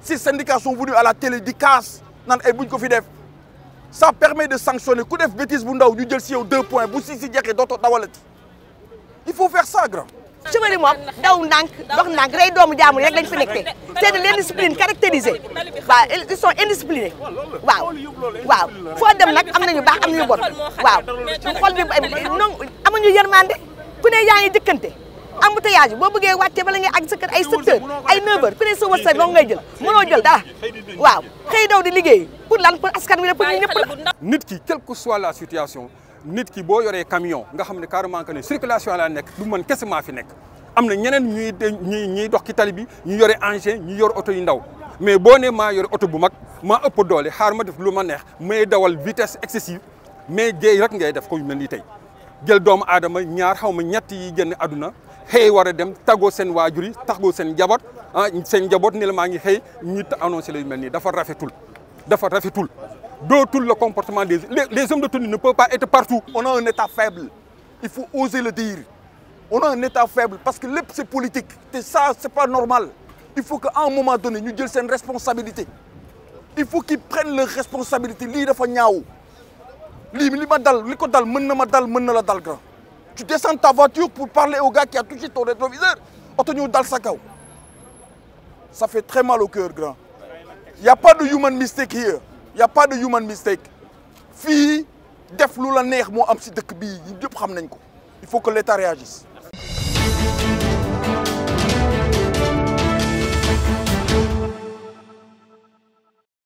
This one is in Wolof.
si syndicats sont venus à la télé Dikas kaas naan ay eh, buñ ko fi def ça permet de sanctionner ku def bêtise bu ndaw ñu jël si yow deux points bu si si jeexee dootoo dawalati il faut faire ça grand. chauffeur yi moom daw ndànk dox ndànk rey doomu jaamur rek lañ fi nekkee c'est de l'indiscipline caractérisée waaw ils sont indisciplinés waaw. waaw foo dem nag am nañu baax am nañu bon waaw xool bi eh, amuñu yërmande ku ne yaa ngi embouteillage boo bëggee wàccee bala ngay àgg sa kër ay 7 heures ay 9 heures ku ne sa wërsëg dong ngay jël liggéey pour lan pour askan wi la nit ki quelle que soit la situation nit ki boo yoree camion nga xam ne carrément que ne circulation laa nekk du man kese maa nekk am na ñeneen ñuy ñuy ñuy dox ci tali bi ñu yore engin ñu yor oto yu ndaw mais boo nee maa yore oto bu mag maa ëpp doole xaar ma def lu ma neex mais dawal vitesse excessive mais géey rek ngay def ko yu mel ni tey jël doomu aadama ñaar xaw ma ñett yi àdduna Hey, wara dem tago sen wajuri Tago s'en. jabot sen ah seen ni la maa ngi xëy ñit annoncer melni dafa rafetul dafa rafetul le comportement des les hommes de tenue ne peuvent pas être partout on a un état faible il faut oser le dire on a un état faible parce que lépp c'est politique et ça c'est pas normal il faut que un moment donné ñu jël une responsabilité il faut qu'ils prennent leur responsabilité li dafa ñaaw li li ma dal li ko dal mën na ma dal la dal grand tu descends ta voiture pour parler au gars qui a touché ton rétroviseur, tu dans Ça fait très mal au cœur, grand. Il n'y a pas de human mistake here. Il n'y a pas de human mistake. Fille, def lu la mo am ci Il faut que l'État réagisse.